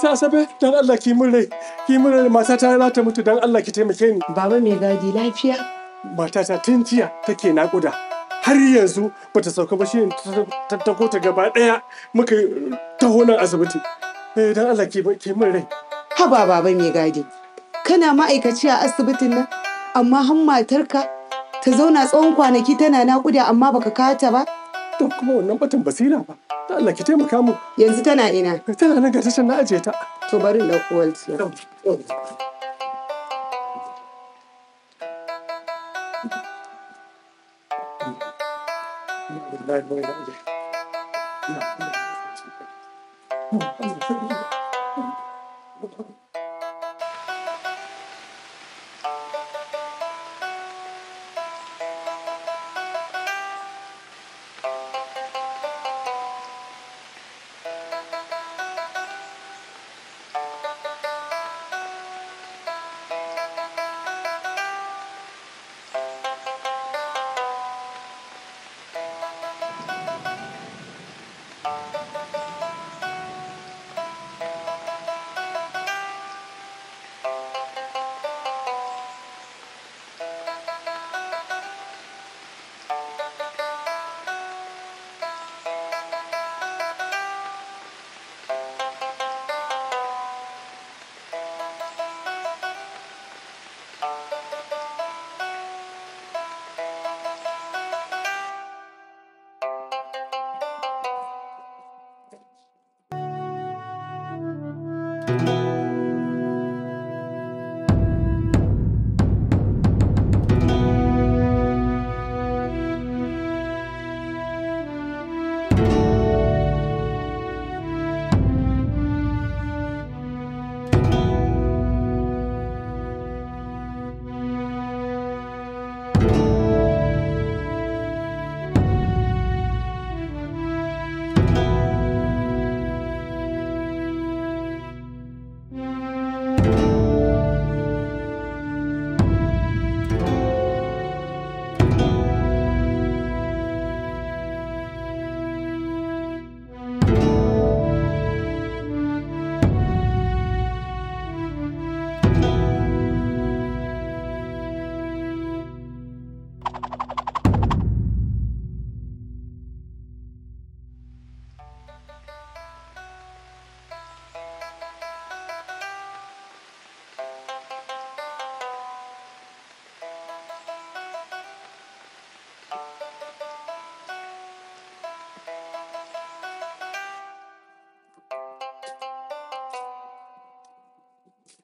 sa asabe don Allah ki mun rai ki mun rai mata ta za ta mutu don Allah ki taimake ni baba mai gadi lafiya mata ta tun jiya take nakuda har yanzu bata sauka ba shine ta tako ta gaba daya muka taho nan asibiti eh don Allah ki ki mun rai ba baba mai gadi kana ma'aikaci a asibitin nan amma han matarka ta zauna tsawon kwanaki tana nakuda amma baka kata ba to kuma wannan batun basira ba ta Allah ki taimaka mu yanzu tana ina tana nan ga tashar na aje ta to bari na kuwalci Thank you.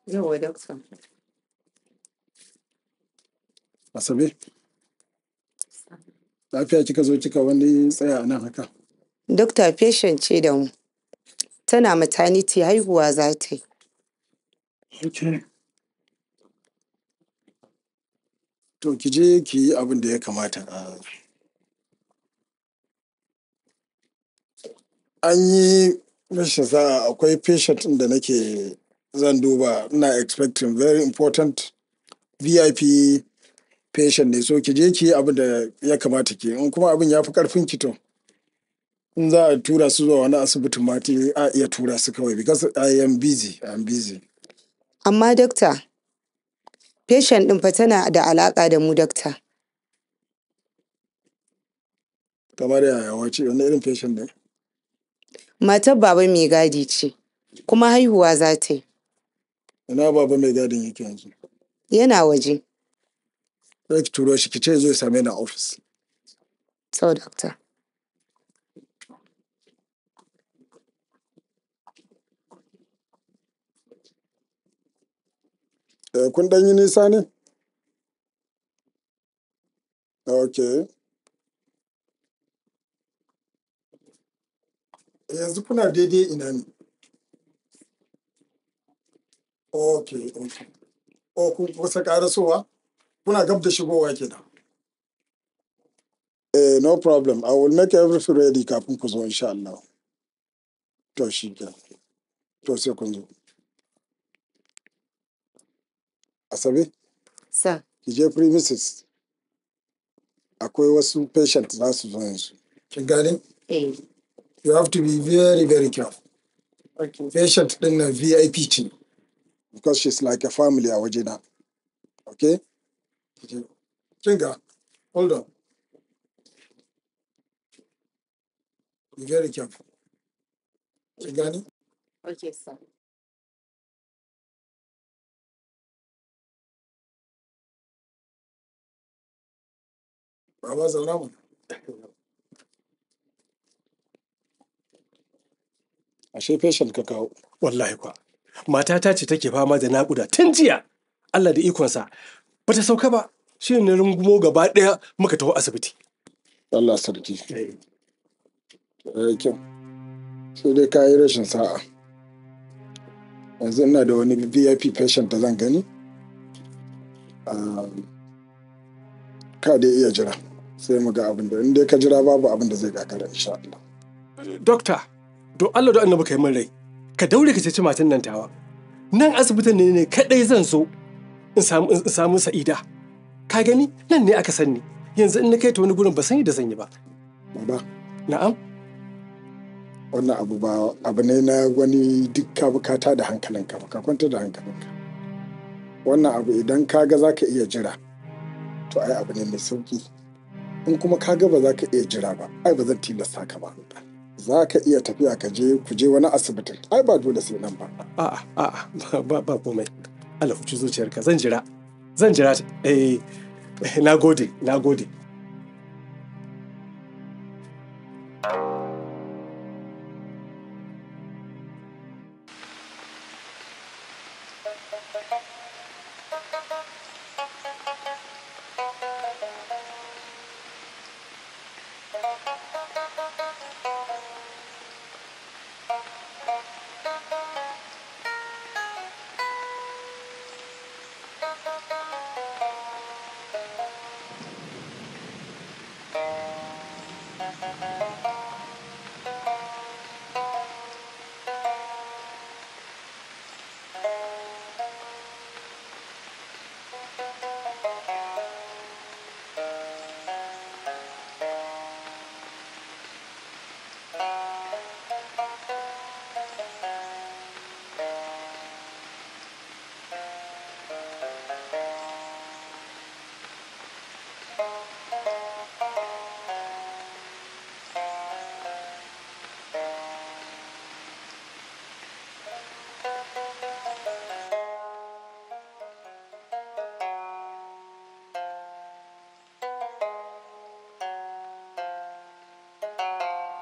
زود Asabe? Lafiya kika zo kika wani tsaya a nan haka? Dokta patient ce da mu. Tana maternity haihuwa za ta yi. To ki je ki yi abin da ya kamata a an yi rashin sa'a akwai patient ɗin da nake zan duba ina expecting very important vip patient ne so ki je ki yi abin da ya kamata ki in kuma abin ya fi karfin ki to in za a tura su zuwa wani asibitin ma a iya tura su kawai because i am busy i am busy amma dokta patient din fa tana da alaka da mu dokta kamar yaya wace wani irin patient ne matar baba mai gadi ce kuma haihuwa za ta yi Ina baba mai gadin yake yanzu? Yana waje. Za ki turo shi ki ce zai same ni a ofis. Sau dokta. Eh, kun ɗan yi nisa ne? Ok. Yanzu kuna daidai ina ne? ok ok o ku karasowa kuna gab da shigowa da. eh no problem i will make everything ready kafin ku zo insha Allah to shi ke to sai kun zo asabe sa ki je premises akwai wasu patient za su zo yanzu kin gani eh you have to be very very careful okay. patient din na vip team because she's like a family a okay kinga hold on be very careful kin gani okay sir Baba zauna mu. Ashe patient ka kawo. Wallahi kwa. matata ce take fama da naƙuda tun jiya Allah da ikonsa ba ta sauka ba shi ne rungumo gaba ɗaya muka taho asibiti. Allah sarki. Eh. Eh, Aikin. Sai dai ka yi rashin sa'a. Yanzu ina da wani VIP patient da zan gani. Ah, ka dai iya jira. Sai mu ga abin da in dai ka jira babu abin da zai gagara insha Allah. Dokta, don Allah da annabi kai mun rai. ka daure ka ceci matan nan tawa nan asibitin ne ne kaɗai zan so in samu in samu sa'ida ka gani nan ne aka sanni yanzu in na kai ta wani gurin ba san yadda zan yi ba baba na'am wannan abu ba abu ne na wani duk ka bukata da hankalinka ba ka kwanta da hankalinka wannan abu idan ka ga za ka iya jira to ai abu ne mai sauki in kuma ka ga ba za ka iya jira ba ai ba zan tilasta ka ba za ka iya tafiya ka je ku je wani asibiti ai ba dole sai nan ba a'a ba komai Allah ci zuciyarka zan jira zan jira eh, eh na gode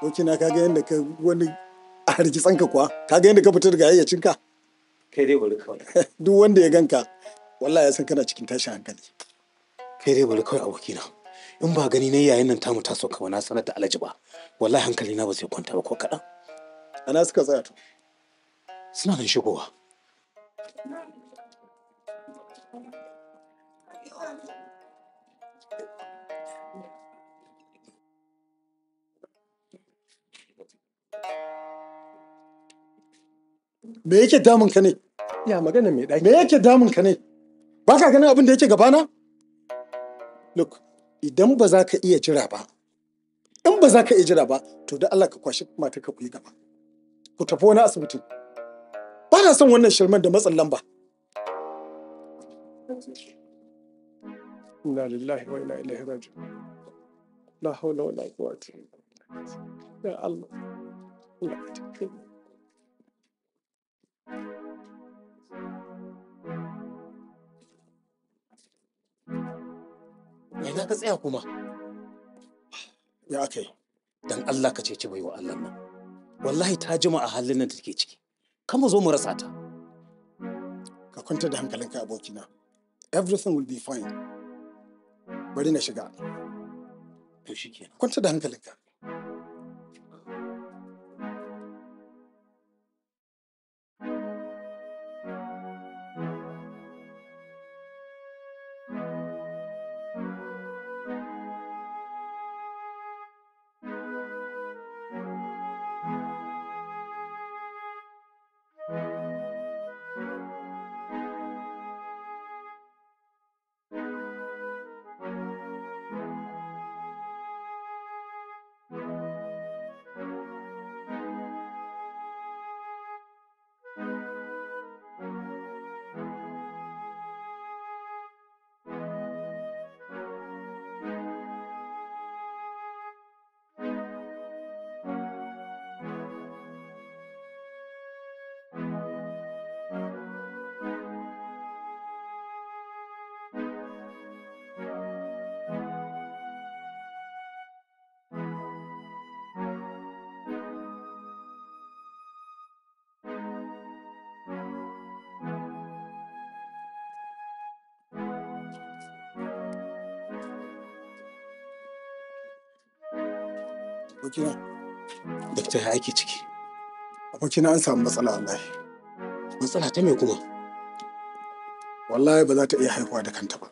abokina ka ga yadda ka wani a ka kuwa ka ga yadda ka fita daga ka kai dai bari kawai duk wanda ya ganka wallah ya san kana cikin tashin hankali kai dai bari kawai abokina in ba gani na yayin nan tamu taso ka na sanar da alaji ba wallahi hankali na ba zai kwanta ba ko kaɗan ana suka tsaya to suna nan shigowa me yake damun ka ne ya magana mai ɗaki me yake damun ka ne ba ka ganin abin da yake gabana look idan ba za ka iya jira ba in ba za ka iya jira ba to da Allah ka kwashi matar ka kuyi gaba ku tafi wani asibitin ba na son wannan shirman da matsin lamba inna lillahi wa inna ilaihi raji'un la hawla wala quwwata illa billah ya Allah Allah A ina ka tsaya kuma? Ya aka yi. Dan Allah ka ceci baiwa Allah nan. Wallahi ta jima a halin nan da take ciki. Kama zo mu rasa ta. Ka kwantar da hankalinka abokina. Everything will be fine. Bari na shiga. To shi kenan. Kwantar da hankalinka. abokina dakta ya ake ciki abokina an samu matsala wallahi matsala ta me kuma wallahi ba za ta iya haihuwa da kanta ba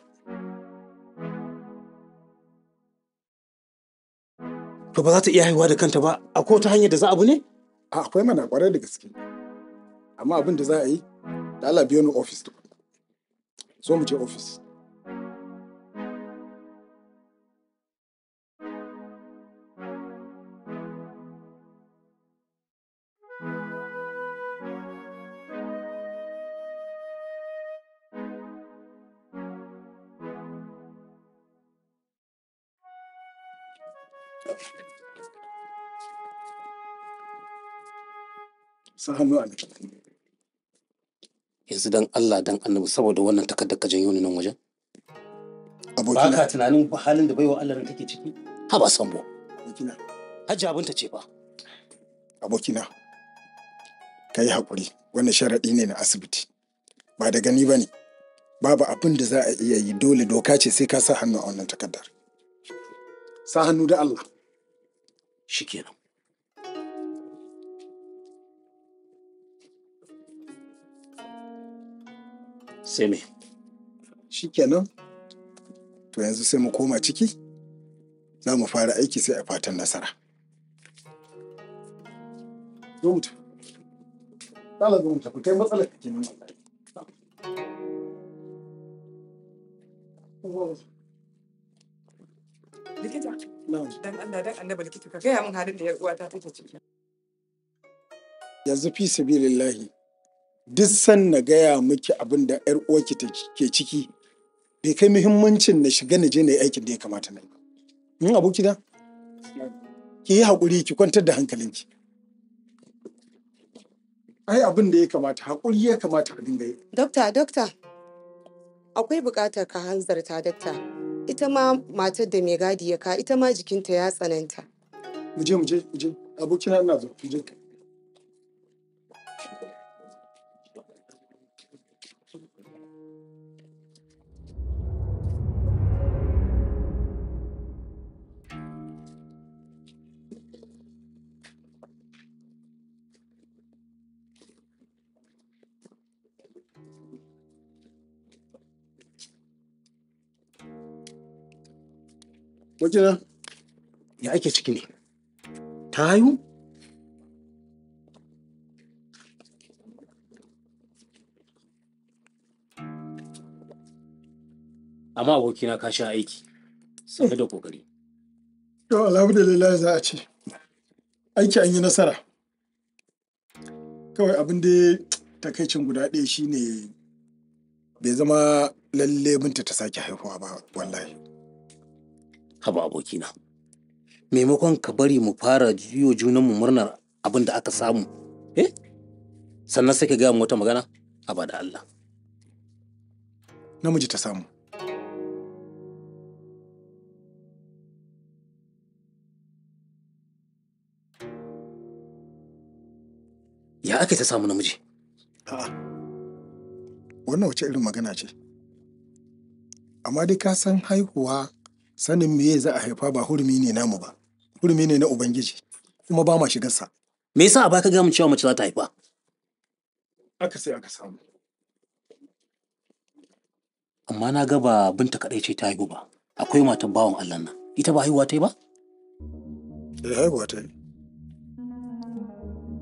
to ba za ta iya haihuwa da kanta ba a ko ta hanyar da za abu ne a akwai mana kwarai da gaske amma abin da za a yi da Allah biyo ni office so mu je office hannu a Yanzu don Allah don annabi saboda wannan takardar kadda janyo ni nan wajen? Ba ka tunanin halin da baiwa Allah nan take ciki? Ha ba san bu. Abokina. Hajji abinta ce ba. Abokina. Ka yi haƙuri, wanda sharaɗi ne na asibiti. Ba da gani ba ne. babu abin da za a iya yi dole doka ce sai ka sa hannu a wannan takardar. Sa hannu da Allah. shikenan sai me shikenan to yanzu sai mu koma ciki za mu fara aiki sai a fatan nasara zo mu Dala zo mu tafi kai matsalar Look at that. Dan Allah dan annaba ka gaya halin da take ciki. Yanzu fi sabilillahi duk san na gaya miki abin da yar uwarki ke ciki bai kai muhimmancin na shiga na je na yi aikin da ya kamata na yi. Mun aboki da? Ki yi haƙuri ki kwantar da hankalinki. Ai abin da ya kamata haƙuri ya kamata a dinga yi. Dokta, dokta, akwai buƙatar ka hanzarta dokta. ita ma matar da mai gadi ya ka ita ma jikinta ya tsananta. Mu je mu je mu je abokina ina zo mu je. wajena ya ake ciki ne ta haihu amma abokina ka sha aiki sai da kokari to alhamdulillah za a ce aiki an yi nasara kawai abin da takaicin guda ɗaya shine bai zama lalle binta ta sake haihuwa ba wallahi haba abokina maimakon ka bari mu fara juyo junanmu murnar abin da aka samu eh? sannan sai ka gaya wata magana a da Allah namiji ta samu ya ake ta samu namiji a'a wannan wace irin magana ce amma dai ka san haihuwa sanin meye za a haifa ba hurumi ne namu ba hurumi ne na ubangiji kuma ba ma shigarsa me yasa a baka mu cewa mace za ta haifa aka sai aka samu amma na ga ba binta kadai ce ta haihu ba akwai matan bawan Allah nan ita ba haihuwa ta yi ba eh haihuwa ta yi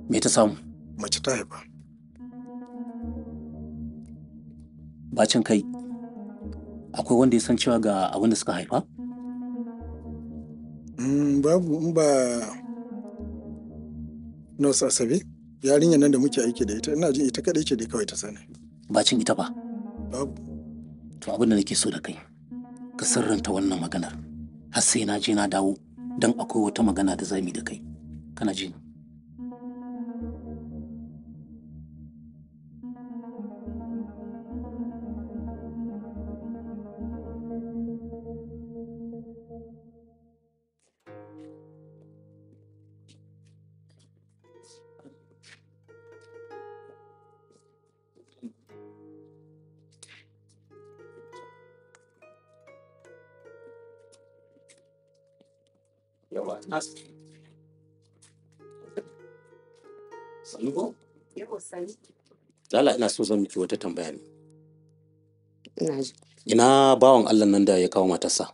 me ta samu mace ta haifa bacin kai akwai wanda ya san cewa ga abin da suka haifa Mm, babu in ba nurse asabe yarinyar nan da muke aiki da ita ina jin ita kaɗai ce dai kawai ta sani. ba cin ita ba? Babu. To abin da nake so da kai ka sirranta wannan maganar har sai na je na dawo don akwai wata magana da zamu da kai kana ji Sannu ko? Yau sani. Lala ina so zan miki wata tambaya ne. Ina ji. Ina bawan Allah nan da ya kawo matarsa?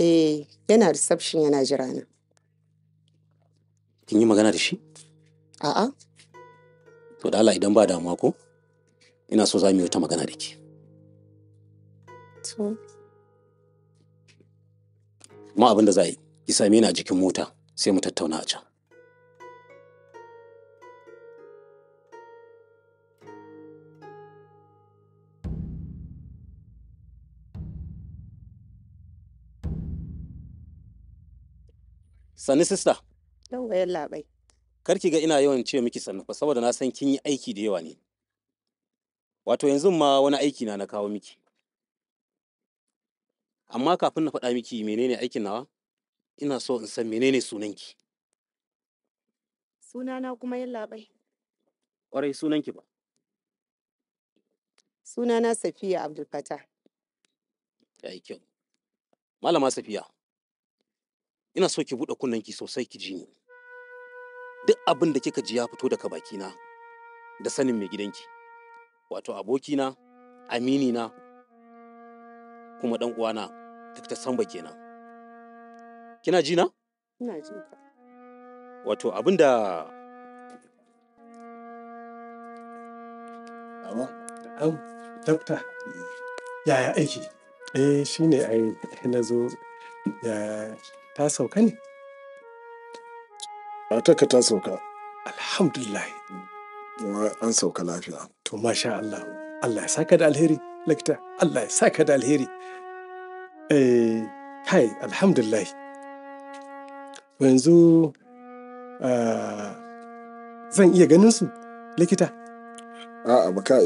Eh, yana reception yana jira na. Kin yi magana da shi? A'a. To da Allah idan ba damuwa ko? Ina so za mu yi wata magana da ke. To. Ma abin da za a yi. ki same ni a jikin mota sai mu tattauna a can Sani sista. Yawwa yalla labai. Karki ga ina yawan ce miki sannu fa saboda na san kin yi aiki da yawa ne. Wato yanzu ma wani aiki na na kawo miki. Amma kafin na faɗa miki menene aikin nawa? ina so in san menene sunanki sunana kuma yallaɓai ƙwarai sunanki ba sunana safiya abdulfata ya yi kyau malama safiya ina so ki buɗe kunnanki sosai ki ji ni duk abin da kika ji ya fito daga bakina da sanin mai gidanki wato abokina aminina kuma ɗan uwana duk ta san samba kenan Kina ji na? Ina ji ka. Wato abin da Awa, au, um, Yaya aiki? Eh, shi ne ai na zo ya ta sauka ne? a ta sauka. Alhamdulillah. An sauka lafiya. To, masha Allah. Allah ya saka da alheri, likita. Allah ya saka da alheri. Eh, kai, alhamdulillah. yanzu zan iya ganin su likita a'a ba ka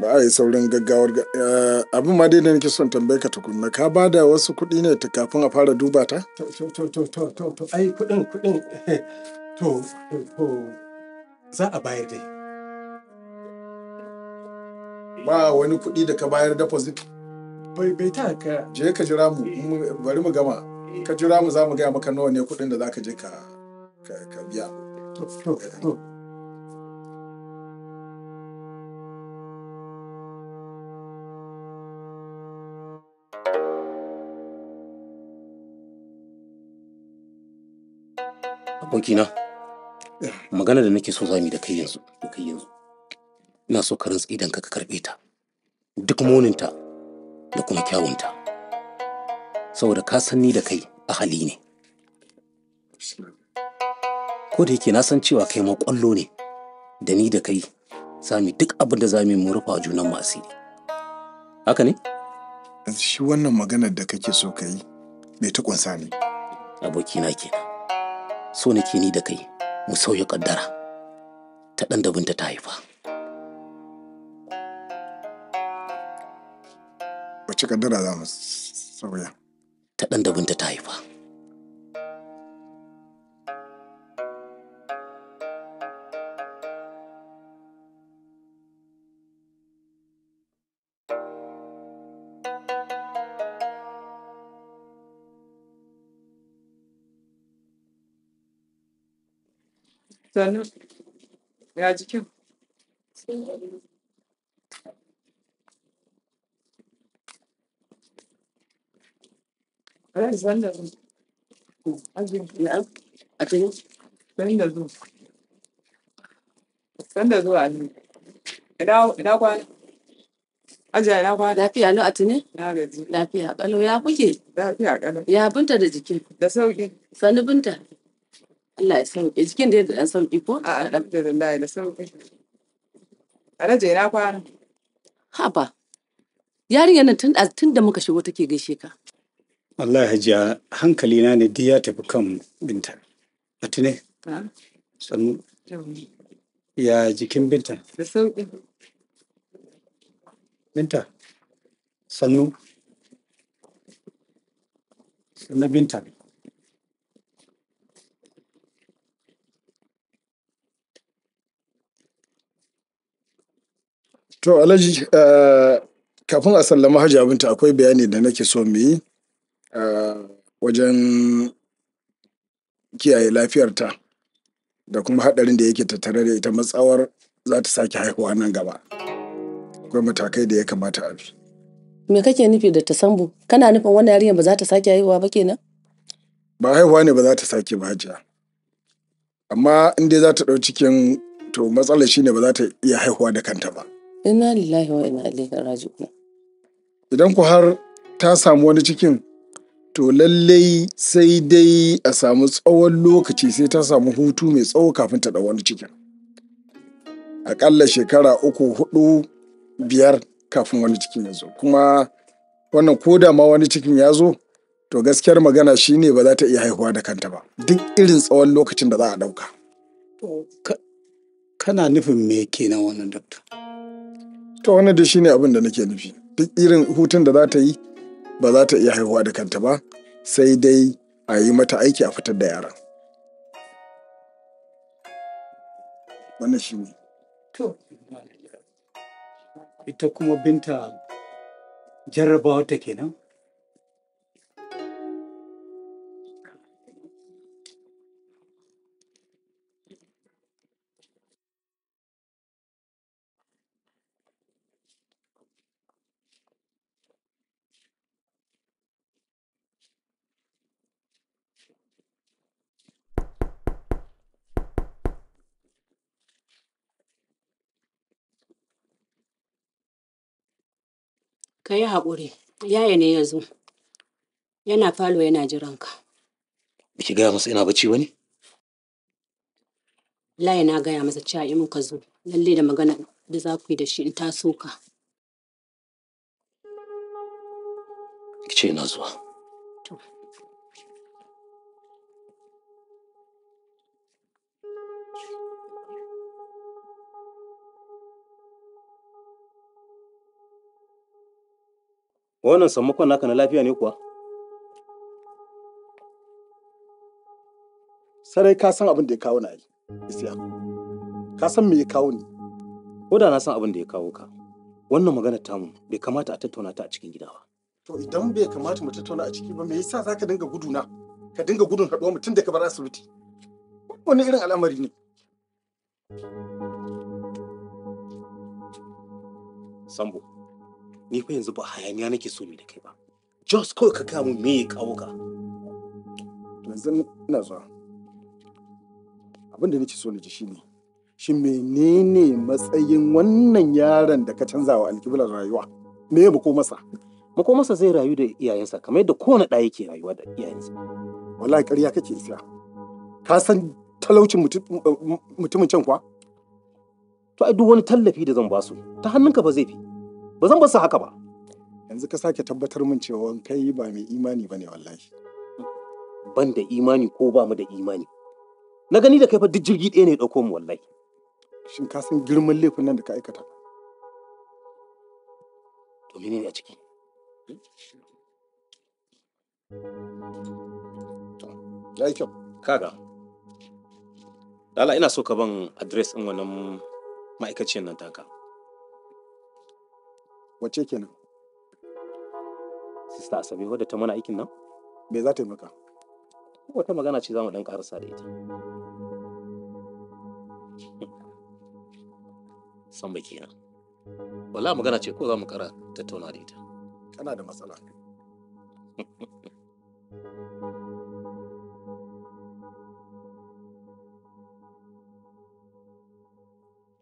ba a yi saurin gaggawar abin ma dai da nake son tambaye ka tukunna ka ba da wasu kuɗi ne ta kafin a fara duba ta to to ai kuɗin kuɗin eh, to to za a bayar dai ba wani kuɗi da ka bayar deposit bai bai ta ka je ka jira mu eh. bari mu gama ka jira mu za mu gaya maka nawa ne kudin da za ka je ka biya abokina magana da nake so zami da kai da kai yanzu ina so ka rantsi idan ka karbe ta duk muninta da kuma kyawunta saboda ka san ni da kai ahali ne ko da yake na san cewa kai ma kwallo ne da ni da kai sami duk abin da za mu mu rufa junan mu asiri haka ne shi wannan maganar da kake so ka yi bai ta ƙunsa ne abokina kenan so nake ni da kai mu sauya kaddara ta ɗan da binta ta haifa wace kaddara za mu sauya ta da binta ta haifa Sannu, ya jikin? Zan da A cikin a Ajiya a ya kuke? binta da jikin? Da Sani binta? Allah ya sauƙi. Jikin da sauƙi ko? A'a, da sauƙi. Alhaji na kwana. Haba. Yarinyar nan tun da muka shigo take gaishe ka. Wallahi hankali na ne duk ya tafi kan Binta. A ne? Sannu. Ya jikin Binta? Da sauƙi. Binta, sannu. Sannu Binta. To, Alhaji, eh, kafin a sallama hajji Binta akwai bayani da nake so mu yi. Eh, wajen kiyaye lafiyarta da kuma haɗarin da yake tattare da ita matsawar za ta sake haihuwa nan gaba. Akwai matakai da ya kamata a bi. Me kake nufi da ta sambu Kana nufin wannan yarinyar ba za ta sake haihuwa ba kenan? Ba haihuwa ne ba za ta sake ba hajiya. Amma in dai za ta ɗau cikin to matsalar shine ba za ta iya haihuwa da kanta ba. Ina lillahi wa ina ilaihi raji'un. Idan ku har ta samu wani cikin to lallai sai dai a samu tsawon lokaci sai ta samu hutu mai tsawo kafin ta ɗau wani cikin aƙalla shekara uku hudu biyar kafin wani cikin ya zo kuma wannan ko da ma wani cikin ya zo to gaskiyar magana shine ba za ta iya haihuwa da kanta ba duk irin tsawon lokacin da za a ɗauka. kana nufin me kenan wannan dokta? to wannan da shine abin da nake nufi duk irin hutun da za ta yi ba za ta iya haihuwa da kanta ba sai dai a yi mata aiki a fitar da yaran wannan shi ne to ita kuma binta jarrabawa ta kenan Ka yi haƙuri, yaya ne ya zo. Yana falo yana jiranka. Ba ki gaya masa ina bacci ba ne? na gaya masa cewa in muka zo, lalle da magana da za ku yi da shi in taso ka. Ki ce ina zuwa. Wannan sammakon naka na lafiya ne kuwa? Sarai ka san abin da ya kawo na yi, Isiya. Ka san me ya kawo ni? Ko da na san abin da ya kawo ka, wannan magana tamu bai kamata a tattauna ta a cikin gida ba. To idan bai kamata mu tattauna a ciki ba, me yasa za ka dinga guduna? Ka dinga gudun haɗuwa mutum da ka bar asibiti. Wani irin al'amari ne? Sambo. ni fa yanzu ba hayaniya nake so mi da kai ba just kawai ka kawo me ya kawo ka yanzu ina zuwa abin da nake so na ji shine shi menene matsayin wannan yaron da ka canza wa alkiblar rayuwa me ya mako masa mako masa zai rayu da iyayensa kamar yadda kowane ɗaya yake rayuwa da iyayensa wallahi ƙarya kake isa ka san talaucin mutumin can kwa to ai duk wani tallafi da zan ba su ta hannunka ba zai fi ba zan basu haka ba yanzu ka sake tabbatar min cewa kai ba mai imani bane wallahi ban da imani ko ba mu da imani na gani da kai fa duk jirgi ɗaya ne ɗauko mu wallahi shin ka san girman laifin nan da ka aikata to ne a ciki ya kyau kaga lala ina so ka ban adres ɗin wannan ma'aikaciyar nan taka Wace kenan? Sista Asabe wadda ta mana aikin nan? Me za ta yi maka? Wata magana ce za mu ɗan ƙarasa da ita. San ba kenan. Wala magana ce ko za mu ƙara tattauna da ita. Kana da matsala.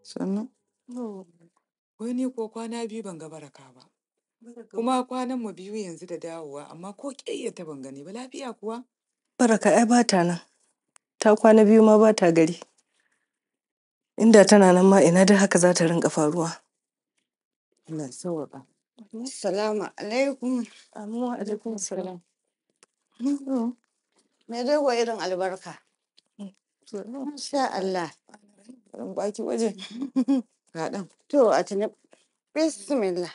Sannan? Oh. Wai ni ko kwana biyu ban ga Baraka ba. Kuma kwanan mu biyu yanzu da dawowa, amma ko ƙeyyata ban gani ba lafiya kuwa? Baraka ai ba ta nan. Ta kwana biyu ma ba ta gari. Inda tana nan ma ina da haka za ta rinka faruwa. ina sawa ba Assalamu alaikum. Amma alaikum salam. Mmm. Me dai wa irin albarka? Mm. Masha Allah. Baki waje. Ga To a tuni bismillah.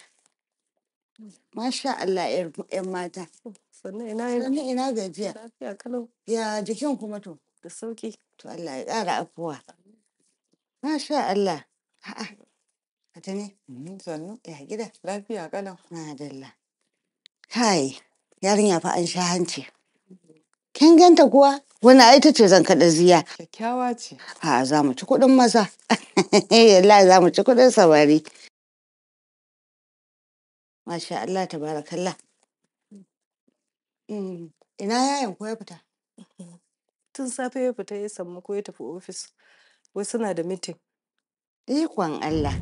Masha Allah ‘yan mata. Oh, sannan ina Sannan ina gajiya. Lafiya kalau. Ya jikin kuma to. Da sauki. To Allah ya ƙara afuwa. Masha Allah. A'a. A tuni. Mm-hmm, sannu. Ya gida. Lafiya kalau. Madalla. Kai. Yarinya fa an sha hanci. Kin ganta kuwa? Wani ai ta ce zan kaɗa ziya. Kyakkyawa ce. A za mu ci kuɗin maza. Yalla za mu ci kuɗin samari. Masha Allah ta barakalla. Mm, ina yayan ko ya fita? Tun safe ya fita ya samu ko ya tafi ofis. Wai suna da mitin. Ikon Allah.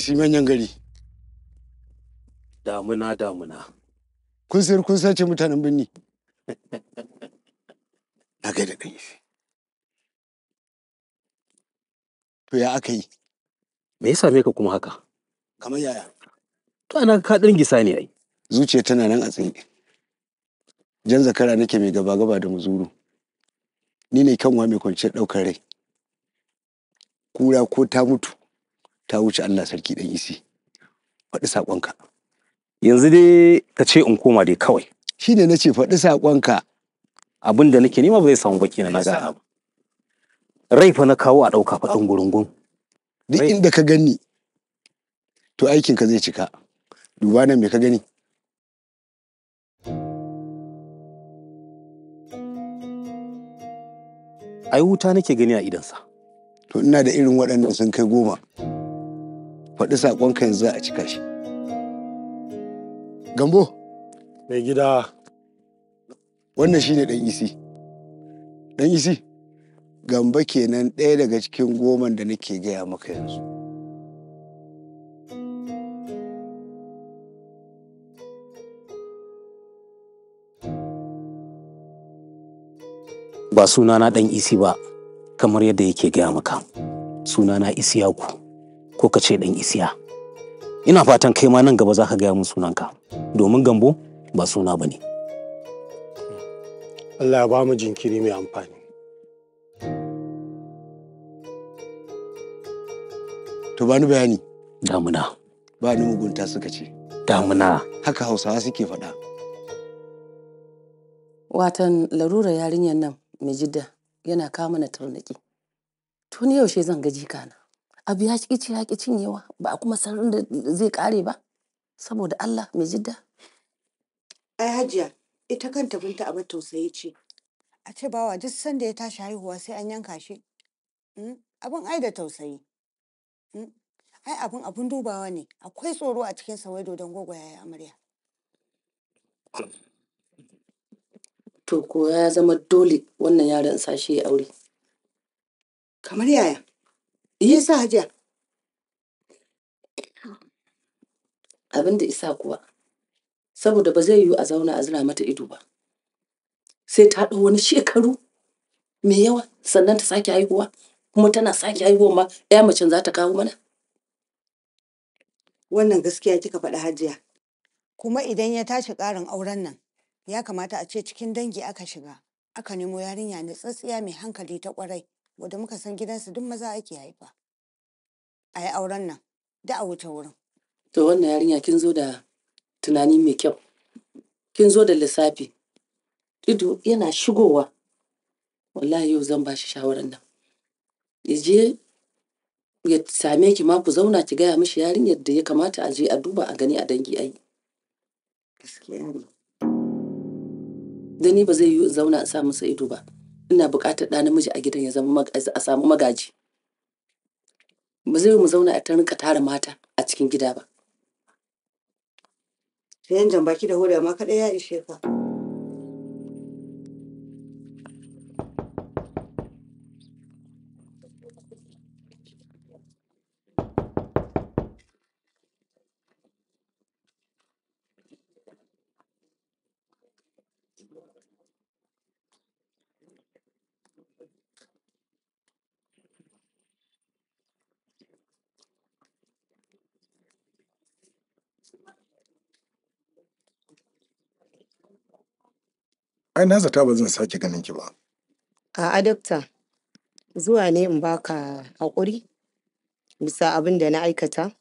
su manyan gari damuna damuna kun sayar kun sace mutanen birni na gaida ɗan yi. to ya aka yi me ya same ka kuma haka kamar yaya to ana ka ɗan gisa ne ai zuciya tana nan a tsaye. jan zakara nake mai gaba gaba da muzuru ni ne kanwa mai kwanciyar ɗaukar rai kura ko ta mutu ta wuce Allah sarki dan isi faɗi saƙonka yanzu dai ka ce in koma dai kawai shi ne na ce faɗi saƙonka abin da nake nema ba zai samu baki na ga abu rai fa na kawo a ɗauka faɗin gurungun duk inda ka gani to aikinka zai cika duba nan me ka gani ai wuta nake gani a idansa to ina da irin waɗannan sun kai goma faɗi saƙonka yanzu a cika shi gambo mai gida wannan shi ne ɗan isi e ɗan isi e gamba kenan ɗaya daga cikin goman da nake gaya maka yanzu ba sunana ɗan isi e ba kamar yadda yake gaya maka sunana isiyaku ko ka ce ɗan isiya ina fatan kai ma nan gaba za ka gaya mun sunanka domin gambo ba suna ba ne Allah ba mu jinkiri mai amfani to ba ni bayani damuna ba ni mugunta suka ce damuna haka hausawa suke faɗa watan larura yarinyar nan mai jidda yana kama na tarnaki tuni yaushe zan gaji kana abu ya ƙi ci ya ƙi cinyewa ba a kuma san da zai ƙare ba saboda Allah mai jidda. Ai hajiya ita kanta binta abin tausayi ce. A ce bawa duk sanda ya tashi haihuwa sai an yanka shi. Hmm? Abin ai da tausayi. Hmm? Ai abin abin dubawa ne akwai tsoro a cikin sawai dodon gogo ya amarya. To ko ya zama dole wannan yaran sashi ya aure. Kamar yaya? Isa hajiya. Abin da isa kuwa, saboda ba zai yiwu a zauna a zina mata ido ba. Sai ta ɗau wani shekaru mai yawa sannan ta sake haihuwa, kuma tana sake haihuwa ma ‘ya macen za ta kawo mana. Wannan gaskiya kika faɗi hajiya. Kuma idan ya tashi ƙarin auren nan, ya kamata a ce cikin dangi aka shiga, aka nemo yarinya tsatsiya mai hankali ta ƙwarai, wanda muka san gidansu duk maza ake haifa a yi auren nan da a wuce wurin to wannan yarinya kin zo da tunani mai kyau kin zo da lissafi ido yana shigowa wallahi yau zan ba shi shawarar nan je ya same ki ma ku zauna ki gaya mishi yarinyar da ya kamata a je a duba a gani a dangi ai da ni ba zai zauna a sa masa ido ba ina buƙatar ɗa namiji a gidan ya zama a samu magaji ba zai mu zauna a rinka tara mata a cikin gida ba. Sayan yan baki da hoda ma kaɗai ya ishe ka. Ai na zata ba zan sake ganin ki ba. A'a dakta, zuwa ne in baka haƙuri bisa abin da na aikata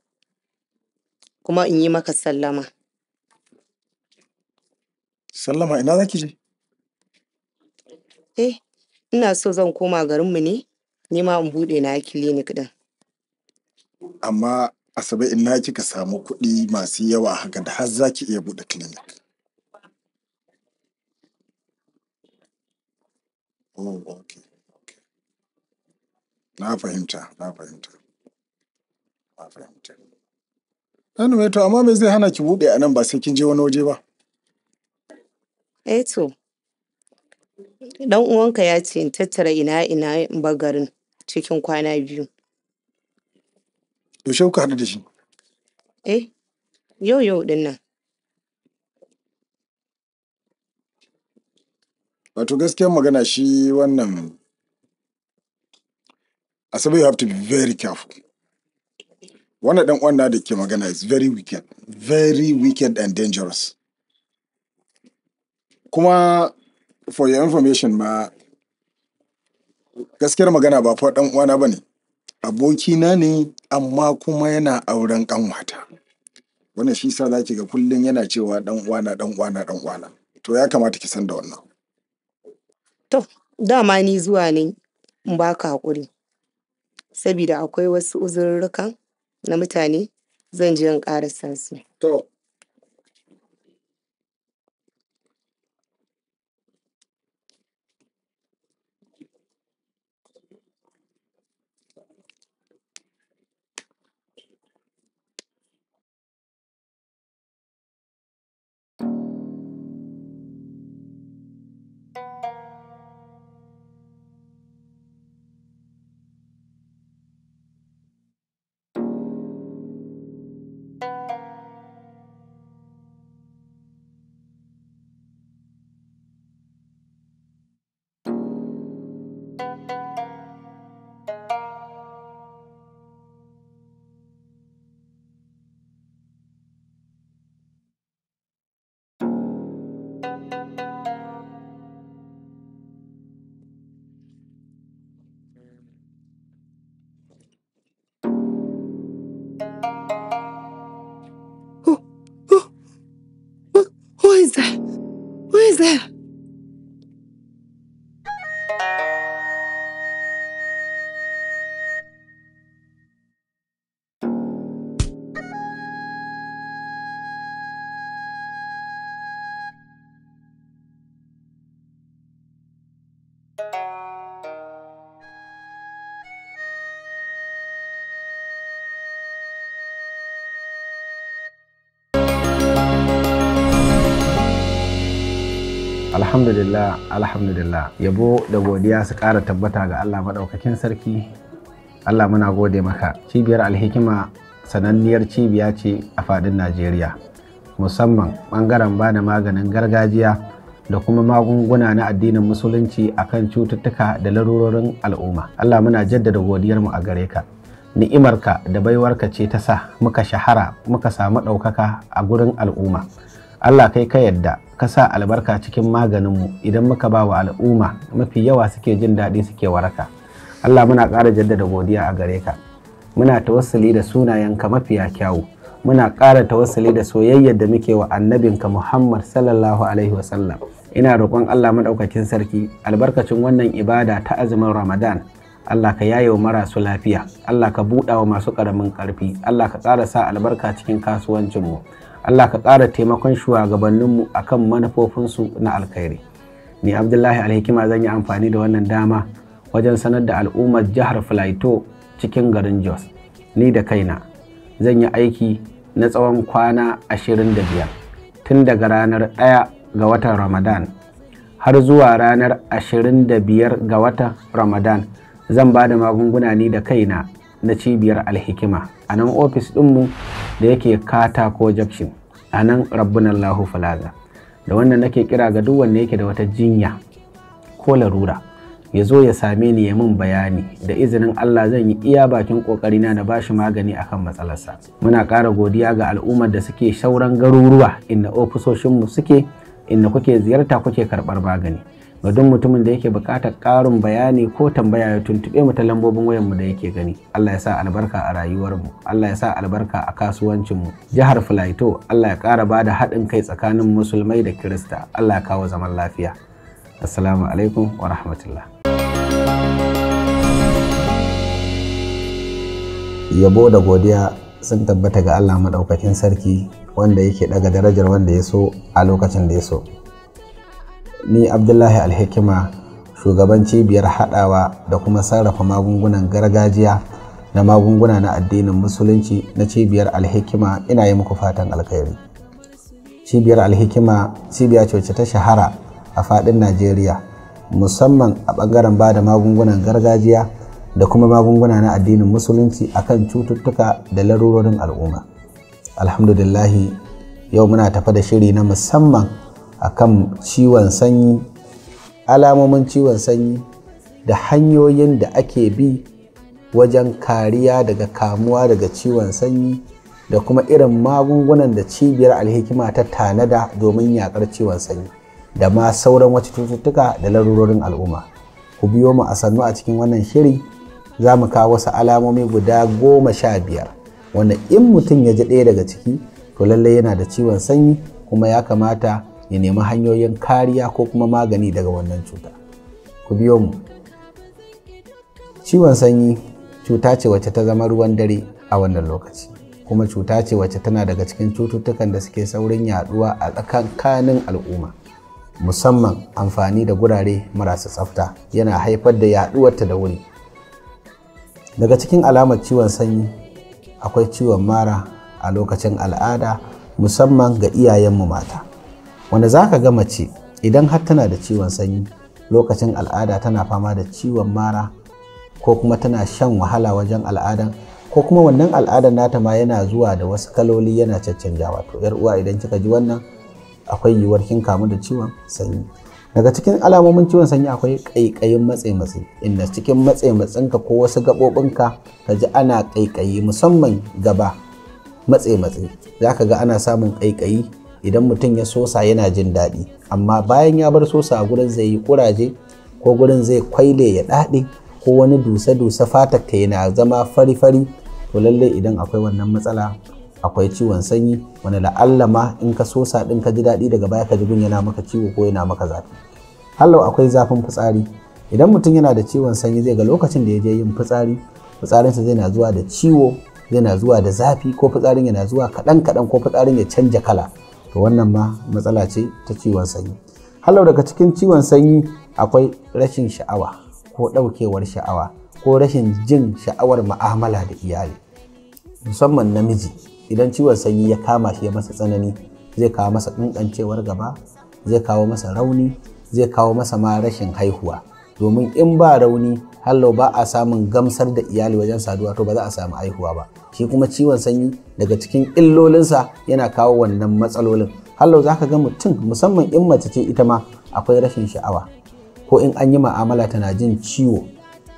kuma in yi maka sallama. Sallama ina za ki je? Eh, ina so zan koma garinmu ne, nima in buɗe na kilinik ɗin. Amma Asabe ina kika samu kuɗi masu yawa haka da har zaki iya buɗe kilinik? Oh, na fahimta, na fahimta. Na fahimta. Anyway, to amma me zai hana ki buɗe a nan ba sai kin je wani waje ba? Eh to, ɗan uwanka ya ce in tattara ina-ina bagarin cikin kwana biyu. Yaushe kuka haɗu da shi? Eh, yau yau ɗin nan. Wato gaskiyar magana shi wannan Asabe you have to be very careful. Wannan dan uwan da ke magana is very wicked, very wicked and dangerous. Kuma for your information ma gaskiyar magana ba fa dan uwana ba ne. Abokina ne amma kuma yana auren kanwata Wannan shi sa za ki ga kullum yana cewa dan uwana dan uwana dan uwana. To ya kamata ki san da wannan. To, dama ni zuwa ne in ba ka haƙuri, saboda akwai wasu uzurrukan na mutane zan je in ƙarasa su. To. alhamdulillah alhamdulillah yabo da godiya su kara tabbata ga allah maɗaukakin sarki allah muna gode maka cibiyar alhikima sananniyar cibiya ce a fadin najeriya musamman ɓangaren ba da maganin gargajiya da kuma magunguna na addinin musulunci akan cututtuka da larurorin al'umma allah muna jaddada godiyar mu a gare ka ni'imarka da baiwarka ce ta sa muka shahara muka samu ɗaukaka a gurin al'umma Allah kai ka yadda ka sa albarka cikin maganinmu idan muka ba wa al'umma mafi yawa suke jin daɗi suke waraka Allah muna ƙara jaddada godiya a gare ka muna tawassuli da sunayenka mafiya kyawu muna ƙara tawassuli da soyayyar da muke wa annabinka Muhammad sallallahu alaihi sallam. ina roƙon Allah maɗaukakin sarki albarkacin wannan ibada ta azumin Ramadan Allah ka yaye wa marasu lafiya Allah ka buɗa wa masu ƙaramin ƙarfi Allah ka ƙara sa albarka cikin kasuwancinmu Allah ka ƙara taimakon shugabanninmu a kan manufofinsu na alkhairi ni abdullahi alhikima zan yi amfani da wannan dama wajen sanar da al'ummar jihar filaito cikin garin jos ni da kaina zan yi aiki na tsawon kwana ashirin da biyar tun daga ranar ɗaya ga watan ramadan har zuwa ranar ashirin da biyar ga watan ramadan zan ba da magunguna ni da kaina na cibiyar alhikima a nan ofis ɗinmu da yake katako jakshin a nan rabbunan lahu falaza da wannan nake kira ga duk wanda yake da wata jinya ko larura ya zo ya same ni ya min bayani da izinin Allah zan yi iya bakin kokarina na bashi magani akan matsalarsa muna ƙara godiya ga al'ummar da suke shauran garuruwa inda ofisoshinmu suke inda kuke ziyarta kuke karɓar magani ga duk mutumin da yake buƙatar ƙarin bayani ko tambaya ya tuntuɓe mu ta lambobin wayanmu da yake gani Allah ya sa albarka a rayuwarmu Allah ya sa albarka a kasuwancinmu jihar Filaito Allah ya ƙara ba da haɗin kai tsakanin musulmai da kirista Allah ya kawo zaman lafiya assalamu alaikum wa rahmatullah yabo da godiya sun tabbata ga Allah maɗaukakin sarki wanda yake ɗaga darajar wanda ya so a lokacin da ya so ni abdullahi alhikima shugaban cibiyar haɗawa da kuma sarrafa magungunan gargajiya na magunguna na addinin musulunci na cibiyar alhikima ina yi muku fatan alkhairi cibiyar alhikima cibiya ce ta shahara a faɗin najeriya musamman a ɓangaren ba da magungunan gargajiya da kuma magunguna na addinin musulunci a kan cututtuka da larurorin al'umma alhamdulillahi yau muna tafa da shiri na musamman akan ciwon sanyi alamomin ciwon sanyi da hanyoyin da ake bi wajen kariya daga kamuwa daga ciwon sanyi da kuma irin magungunan da cibiyar alhikima ta tanada domin yakar ciwon sanyi da ma sauran wacce cututtuka da larurorin al'umma ku biyo mu a sannu a cikin wannan shiri za mu kawo wasu alamomi guda goma sha biyar wanda in mutum ya ji ɗaya daga ciki to lallai yana da ciwon sanyi kuma ya kamata ya nemi hanyoyin kariya ko kuma magani daga wannan cuta ku biyo mu ciwon sanyi cuta ce wacce ta zama ruwan dare a wannan lokaci kuma cuta ce wacce tana daga cikin cututtukan da suke saurin yaduwa a tsakankanin al'umma musamman amfani da gurare marasa tsafta yana haifar da ta da wuri daga cikin alamar ciwon sanyi akwai ciwon mara a lokacin al'ada musamman ga iyayenmu mata wanda za ka ga mace idan har tana da ciwon sanyi lokacin al'ada tana fama da ciwon mara ko kuma tana shan wahala wajen al'adan ko kuma wannan al'adan nata ma yana zuwa da wasu kaloli yana caccanja wato yar uwa idan kika ji wannan akwai yiwuwar kin kamu da ciwon sanyi daga cikin alamomin ciwon sanyi akwai ƙaiƙayin matse matse inda cikin matse matsinka ko wasu gaɓoɓinka ka ji ana ƙaiƙayi musamman gaba matse matse za ka ga ana samun ƙaiƙayi idan mutum ya sosa yana jin daɗi amma bayan ya bar sosa gurin zai yi kuraje ko gurin zai kwaile ya daɗe ko wani dusa-dusa fatar ka yana zama fari-fari to lalle idan akwai wannan matsala akwai ciwon sanyi wani la'alla in ka sosa ɗin ka ji daɗi daga baya ka ji gun yana maka ciwo ko yana maka zafi hallau akwai zafin fitsari idan mutum yana da ciwon sanyi zai ga lokacin da ya je yin fitsari fitsarinsa zai na zuwa da ciwo yana zuwa da zafi ko fitsarin yana zuwa kaɗan kaɗan ko fitsarin ya canja kala to wannan ma matsala ce ta ciwon sanyi halau daga cikin ciwon sanyi akwai rashin sha'awa ko ɗaukewar sha'awa ko rashin jin sha'awar ma'amala da iyali musamman namiji idan ciwon sanyi ya kama shi ya masa tsanani zai kawo masa ƙunƙancewar gaba zai kawo masa rauni zai kawo masa ma rashin haihuwa domin in ba rauni hallo ba a samun gamsar da iyali wajen saduwa to ba za a samu haihuwa ba shi kuma ciwon sanyi daga cikin illolinsa yana kawo wannan matsalolin hallau za ka ga mutum musamman in mace ce ita ma akwai rashin sha'awa ko in an yi ma'amala tana jin ciwo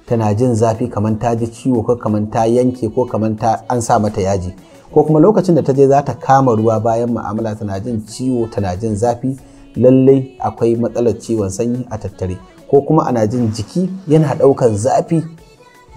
tana jin zafi kamar ta ji ciwo ko kamar ta yanke ko kamar ta an sa mata yaji ko kuma lokacin da ta je za ta kama ruwa bayan ma'amala tana jin ciwo tana jin zafi lallai akwai matsalar ciwon sanyi a tattare ko kuma ana jin jiki yana ɗaukar zafi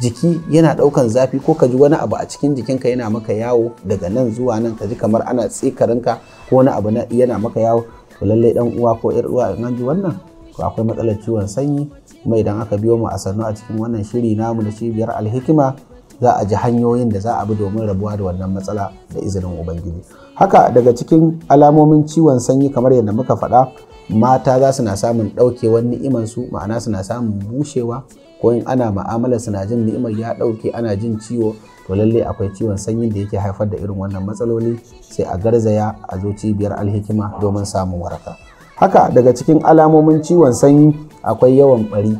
jiki yana ɗaukan zafi ko ka ji wani abu a cikin jikinka yana maka yawo daga nan zuwa nan ka ji kamar ana tsikarinka ko wani abu yana maka yawo to lallai dan uwa ko yar uwa in ji wannan to akwai matsalar ciwon sanyi kuma idan aka biyo mu a sannu a cikin wannan shiri namu da cibiyar alhikima za a ji hanyoyin da za a bi domin rabuwa da wannan matsala da izinin ubangiji haka daga cikin alamomin ciwon sanyi kamar yadda muka faɗa mata za su na samun ɗauke wani ni'imansu ma'ana su na samun bushewa ko in ana ma'amala suna jin ni'imar ya ɗauke ana jin ciwo to lalle akwai ciwon sanyin da yake haifar da irin wannan matsaloli sai a garzaya a zo cibiyar alhikima domin samun waraka haka daga cikin alamomin ciwon sanyi akwai yawan bari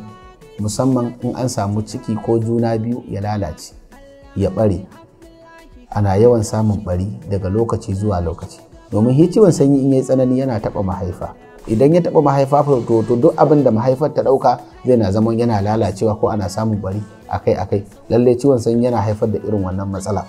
musamman in an samu ciki ko juna biyu ya lalace ya bare ana yawan samun bari daga lokaci zuwa lokaci domin ciwon sanyi in yi tsanani yana taɓa mahaifa idan ya taɓa mahaifa to duk abin da mahaifar ta ɗauka zai na zaman yana lalacewa ko ana samun bari akai-akai lalle ciwon sanyi yana haifar da irin wannan matsala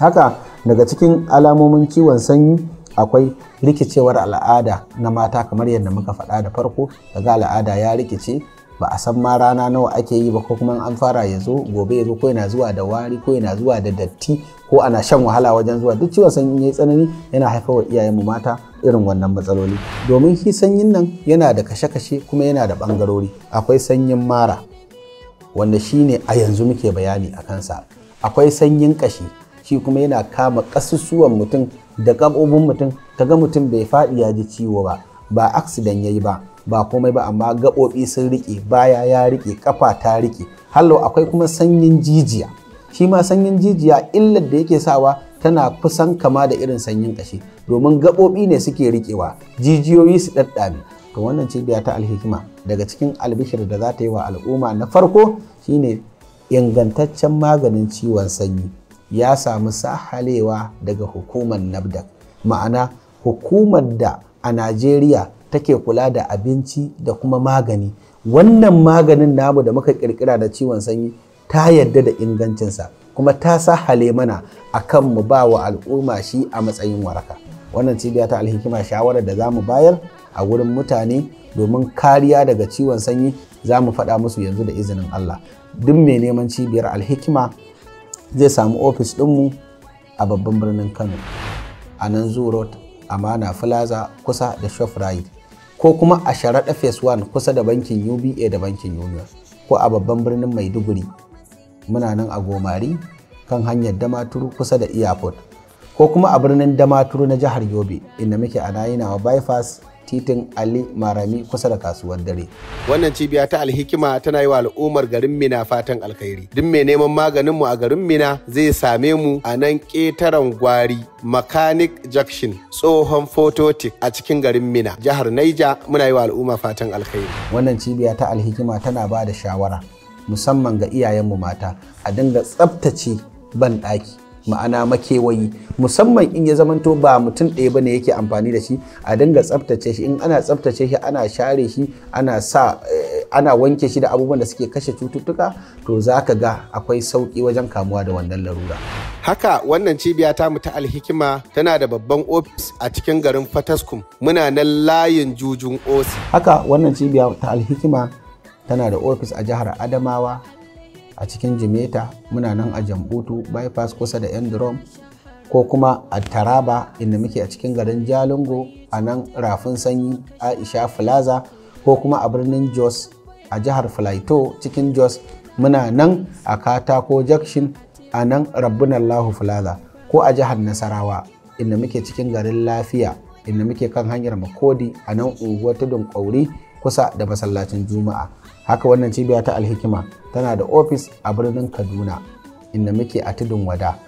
haka daga cikin alamomin ciwon sanyi akwai rikicewar al'ada na mata kamar yadda muka faɗa da farko daga al'ada ya rikice ba a san ma rana nawa ake yi ba ko kuma an fara ya zo gobe ya zo ko yana zuwa da wari ko yana zuwa da datti ko ana shan wahala wajen zuwa duk ciwon sanyi yi tsanani yana haifarwa iyayenmu mata irin wannan matsaloli domin shi sanyin nan yana da kashe-kashe kuma yana da bangarori akwai sanyin mara wanda shi ne a yanzu muke bayani a kansa akwai sanyin kashi shi kuma yana kama ƙasusuwan mutum da gaɓoɓin mutum ga mutum bai faɗi ya ji ciwo ba ba aksidan ya yi ba ba komai ba amma gaɓoɓi sun riƙe baya ya riƙe kafa ta riƙe hallo akwai kuma sanyin jijiya shi ma sanyin jijiya illar da yake sawa tana kusan kama da irin sanyin ƙashi domin gaɓoɓi ne suke riƙewa jijiyoyi su ɗaɗɗame to wannan cibiya ta alhikima daga cikin albishir da za ta yi wa al'umma na farko shine ingantaccen maganin ciwon sanyi ya samu sahalewa daga hukumar nabdak ma'ana hukumar da a najeriya take kula da abinci da kuma magani wannan maganin namu da muka kirkira da ciwon sanyi ta yadda da ingancinsa kuma ta sahale mana akan mu ba wa al'umma shi a matsayin waraka wannan cibiya ta alhikima shawarar da za mu bayar a wurin mutane domin kariya daga ciwon sanyi za mu faɗa musu yanzu da izinin Allah duk mai neman cibiyar alhikima zai samu ofis ɗinmu a babban birnin Kano a nan zoo amana plaza kusa da shoprite ko kuma a sharaɗa phase 1 kusa da bankin uba da bankin union ko a babban birnin maiduguri muna nan a gomari kan hanyar damaturu kusa da airport ko kuma a birnin damaturu na jihar yobe inda muke a wa bypass titin Ali Marami kusa da kasuwar dare. Wannan cibiya ta alhikima tana yi wa al'ummar garin Mina fatan alkhairi. Duk mai neman maganin mu a garin Mina zai same mu a nan ƙetaren gwari Mechanic Junction tsohon Phototic a cikin garin Mina jihar Naija muna yi wa al'umma fatan alkhairi. Wannan cibiya ta alhikima tana ba da shawara musamman ga iyayenmu mata a dinga tsaftace ban ɗaki ma'ana makewayi musamman in ya zamanto ba mutum ɗaya bane yake amfani da shi a dinga tsaftace shi in ana tsaftace shi ana share shi ana sa eh, ana wanke shi da abubuwan da suke kashe cututtuka to za ka ga akwai sauki wajen kamuwa da wannan larura haka wannan cibiya ta mu ta alhikima tana da babban ofis a cikin garin fataskum muna nan layin jujun osi haka wannan cibiya ta alhikima tana da ofis a jihar adamawa a cikin jimeta muna nan a jambutu bypass kusa da yan drum ko kuma a taraba inda muke a cikin garin jalingo a nan rafin sanyi aisha plaza ko kuma a birnin jos a jihar filaito cikin jos muna nan a katako jakshin a nan rabbinallahu plaza ko a jihar nasarawa inda muke cikin garin lafiya inda muke kan hanyar makodi a nan unguwar tudun kauri kusa da masallacin juma'a haka wannan cibiya ta alhikima tana da ofis a birnin kaduna inda muke a tudun wada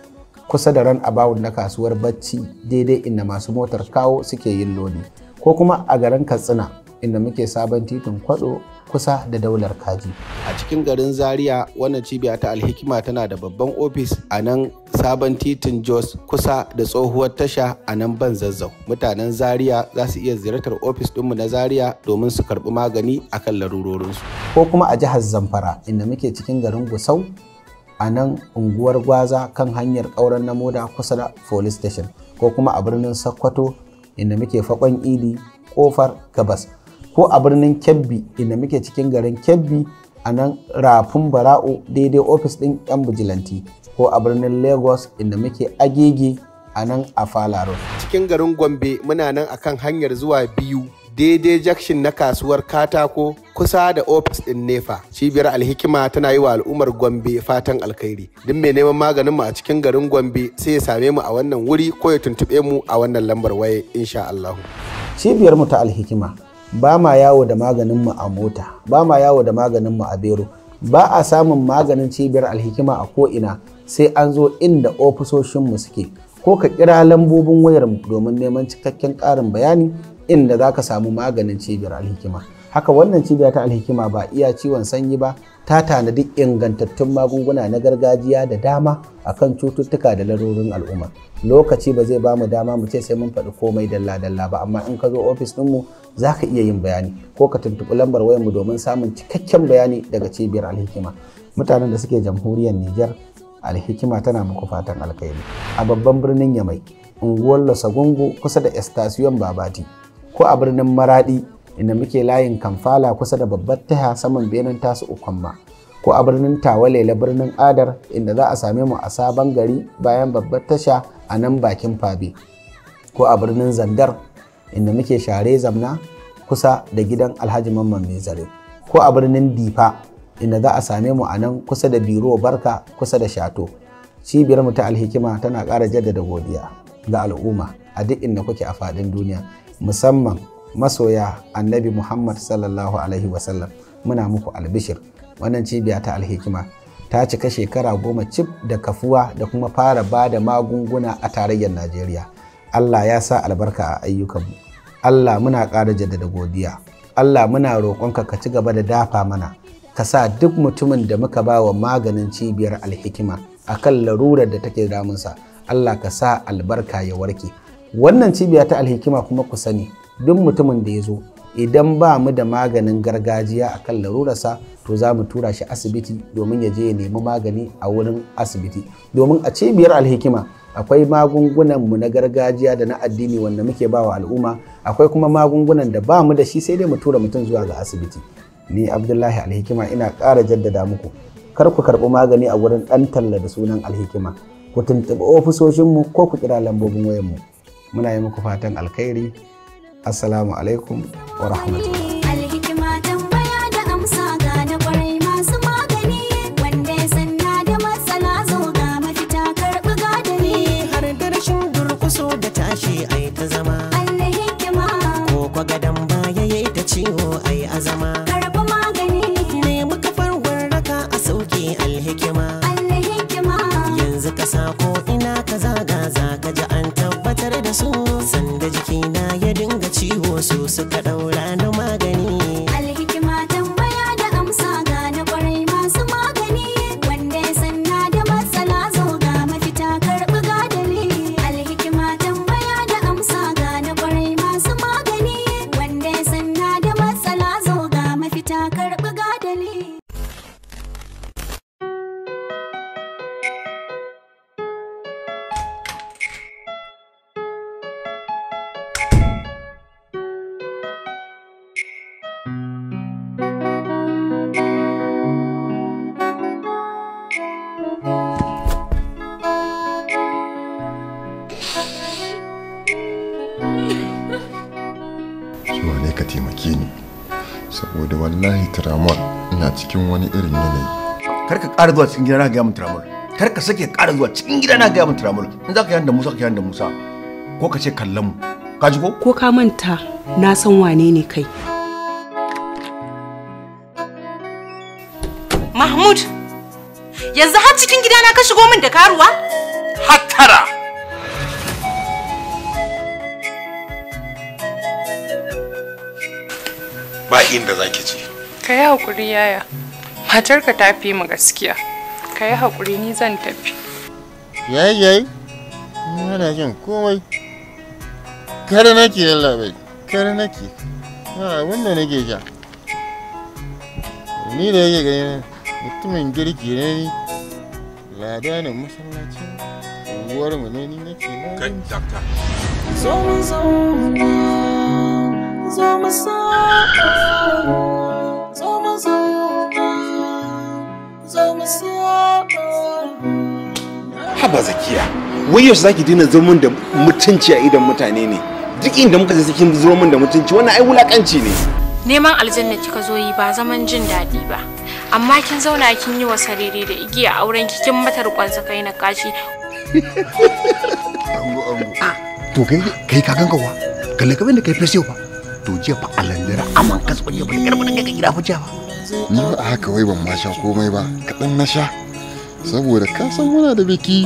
kusa da ran abawun na kasuwar bacci daidai inda masu motar kawo suke yin lodi ko kuma a garin katsina inda muke sabon titin kwatso kusa da daular kaji. A cikin garin Zaria wannan cibiya ta alhikima tana da babban ofis a nan sabon titin Jos kusa da tsohuwar tasha a nan ban zazzau. Mutanen Zaria za su iya ziyartar ofis ɗinmu na Zaria domin su karɓi magani a kan larurorinsu. Ko kuma a jihar Zamfara inda muke cikin garin Gusau a nan unguwar Gwaza kan hanyar ƙauren na moda kusa da police station ko kuma a birnin Sokoto inda muke fakon idi kofar gabas ko a birnin kebbi inda muke cikin garin kebbi a nan rafin bara'u daidai ofis ɗin 'yan bijilanti ko a birnin lagos inda muke agege a nan a falaro cikin garin gombe muna nan akan hanyar zuwa biyu daidai jakshin na kasuwar katako kusa da ofis ɗin nefa cibiyar alhikima tana yi wa al'ummar gombe fatan alkhairi duk mai neman maganin mu a cikin garin gombe sai ya same mu a wannan wuri ko ya tuntuɓe mu a wannan lambar waye insha allahu cibiyar mu ta alhikima ba ma yawo da maganinmu a mota ba ma yawo da maganinmu a bero ba a samun maganin cibiyar alhikima a ko'ina sai an zo inda ofisoshinmu suke ko ka kira lambobin wayarmu domin neman cikakken ƙarin bayani inda za ka samu maganin cibiyar alhikima haka wannan cibiya ta alhikima ba iya ciwon sanyi ba ta tanadi ingantattun magunguna na gargajiya da dama a kan cututtuka da larurin al'umma lokaci ba zai bamu dama mu ce sai mun faɗi komai dalla-dalla ba amma in ka zo ofis ɗinmu za ka iya yin bayani ko ka tuntuɓi lambar wayanmu domin samun cikakken bayani daga cibiyar alhikima mutanen da suke jamhuriyar Nijar alhikima tana muku fatan alkhairi a babban birnin Yamai unguwar Lasagungu kusa da Estasiyon Babati ko a birnin Maradi inda muke layin Kamfala kusa da babbar taha saman benin tasu Ukwamma ko a birnin tawale Tawalela birnin Adar inda za a same mu a sabon gari bayan babbar tasha a nan bakin Fabe ko a birnin Zandar inda muke share zamna kusa da gidan Alhaji Mamman Mai Zare ko a birnin Difa inda za a same mu a nan kusa da biro barka kusa da shato cibiyar mu ta alhikima tana ƙara jaddada godiya ga al'umma a duk inda kuke a faɗin duniya musamman masoya annabi Muhammad sallallahu Alaihi wasallam muna muku albishir wannan cibiya ta alhikima ta cika shekara goma cif da kafuwa da kuma fara ba da magunguna a tarayyar Najeriya. Allah ya sa albarka a ayyukanmu. Allah muna ƙara jaddada godiya. Allah muna roƙonka ka ci gaba da dafa mana. Ka sa duk mutumin da muka ba wa maganin cibiyar alhikima a kan larurar da take damunsa. Allah ka sa albarka ya warke. Wannan cibiya ta alhikima kuma ku sani duk mutumin da ya zo idan ba mu da maganin gargajiya a kan larurarsa to za mu tura shi asibiti domin ya je ya nemi magani a wurin asibiti domin a cibiyar alhikima akwai magungunan mu na gargajiya da na addini wanda muke ba wa al'umma akwai kuma magungunan da ba mu da shi sai dai mu tura mutum zuwa ga asibiti ni abdullahi alhikima ina ƙara jaddada muku kar ku karɓi magani a wurin ɗan talla da sunan alhikima ku tuntuɓi ofisoshinmu ko ku kira lambobin wayanmu muna yi muku fatan alkhairi السلام عليكم ورحمه الله su suka daura na saboda wallahi tramol ina cikin wani irin yanayi kar ka ƙara zuwa cikin gida na gaya min tramol kar ka sake ƙara zuwa cikin gida na gaya min tramol in za ka yi da musa ka yi da musa ko ka ce kallon mu ka ji ko ko ka manta na san wane ne kai mahmud yanzu har cikin gida na ka shigo min da karuwa hattara ba inda za ki je ka yi haƙuri yaya matarka ta fi mu gaskiya ka yi haƙuri ni zan tafi yayi yayi yana jin komai kare nake bai kare nake a wanda nake ja ni da yake gani mutumin girki ne ni lada ne masallacin uwar mu ne ni nake nan kai dakta zo zo. zo mu saba zo mu zo mu saba haba zakiya wai yaushe zaki dina zo da mutunci a idan mutane ne duk inda muka je kin zo da mutunci wannan ai wulakanci ne neman aljanna kika zo yi ba zaman jin daɗi ba amma kin zauna kin yi wa sarere da igiya auren ki kin matar kwansa kai na kashi ah, to kai kai ka ganka wa kalle ka da kai fesiyo ba to jefa a landira amma ka tsoye kar karbi daga gida fa jefa ni ba haka wai ban ma sha komai ba kadan na sha saboda ka san muna da biki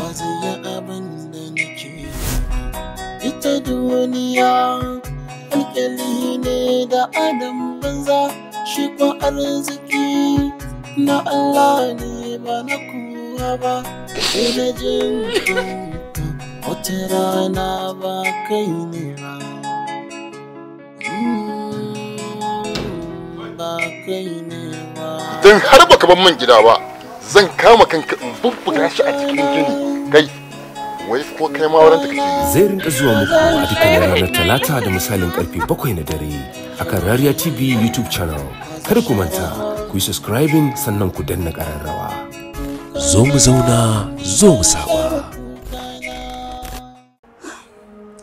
ita duniya alƙali ne da adam banza shi ko arziki na Allah ne ba na kowa ba sai na jin wata rana ba kai ne ba don har baka ban man gida ba zan kama kanka in bubbuga shi a cikin gini kai wai ko kai ma wurin take zai rinka zuwa muku a dukkan ranar talata da misalin karfe 7 na dare akan Rariya TV YouTube channel Kar ku manta ku yi subscribing sannan ku danna kararrawa zo mu zauna zo mu saba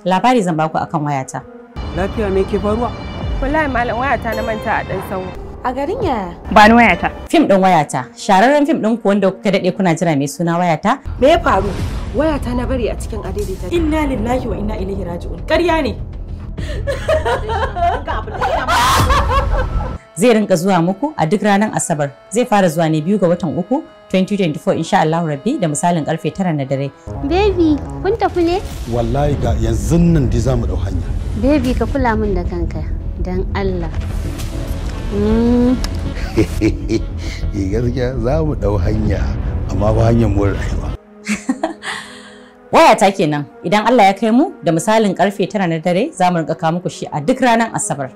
labari zan baku akan wayata lafiya me ke faruwa wallahi malam wayata na manta a dan sau. A garin ya. Ba ni wayata. Fim ɗin wayata. Shararren fim ɗin ku wanda kuka daɗe kuna jira mai suna wayata. Me ya faru? Wayata na bari a cikin adaidaita. Inna lillahi wa inna ilaihi raji'un. Ƙarya ne. Zai rinka zuwa muku a duk ranar Asabar. Zai fara zuwa ne biyu ga watan uku 2024 insha Allah rabbi da misalin karfe 9 na dare. Baby, kun tafi ne? Wallahi ga yanzu nan dai za mu dau hanya. Baby ka kula min da kanka dan Allah. Mm. Eh, gaskiya za mu ɗau hanya amma ba hanyar mu rayuwa wayata kenan idan Allah ya kai mu da misalin karfe tara na dare za mu rinka kawo muku shi a duk ranar asabar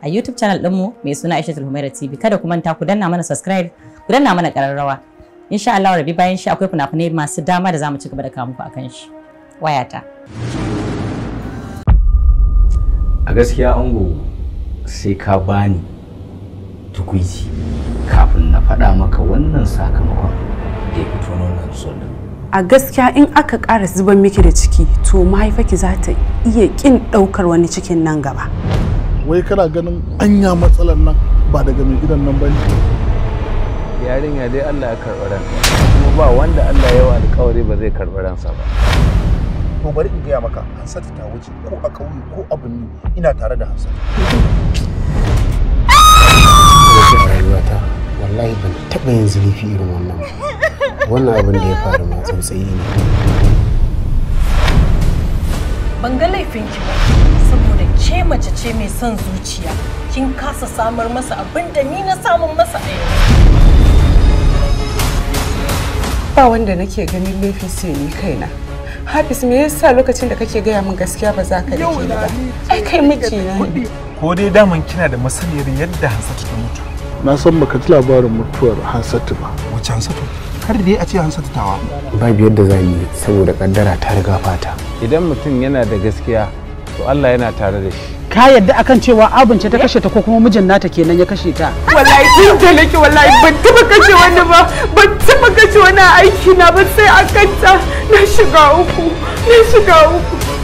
a youtube channel ɗinmu mai suna aisha tulhumaira tv kada ku manta ku danna mana subscribe ku danna mana ƙararrawa insha Allah rabi bayan shi akwai fina-finai masu dama da za mu ci gaba da kawo muku akan shi ta. a gaskiya ango sai ka bani tukuici kafin na faɗa maka wannan sakamakon da ya fito nan result a gaskiya in aka ƙara zuban miki da ciki to mahaifaki za ta iya ƙin ɗaukar wani cikin nan gaba wai kana ganin anya matsalar nan ba daga mai gidan nan ba ne yarinya dai Allah ya karɓi ransa kuma ba wanda Allah ya alƙawari ba zai karɓi ransa ba to bari in gaya maka hansatu ta wuce ko a ƙauye ko a ina tare da hansatu rayuwata wallahi ban taɓa yin zurfi irin wannan wannan abin da ya faru ma tsautsayi ne ban ga laifinki ba saboda ke mace ce mai son zuciya kin kasa samar masa abin da ni na samun masa a ba wanda nake ganin laifin sai ni kaina Hafiz me yasa lokacin da kake gaya min gaskiya ba za ka da ba ai kai mijina ne ko dai daman kina da masaniyar yadda Hansatu ta mutu na san baka ji labarin mutuwar hansatu ba wace hansatu har da a ce hansatu tawa biyar yadda za yi saboda kaddara ta riga fata idan mutum yana da gaskiya to Allah yana tare da shi ka yadda akan cewa abince ta kashe ta ko kuma mijin nata kenan ya kashe ta wallahi tun da wallahi ban taba kashe wani ba ban taba kashe wani aiki na ba sai akan ta na shiga uku na shiga uku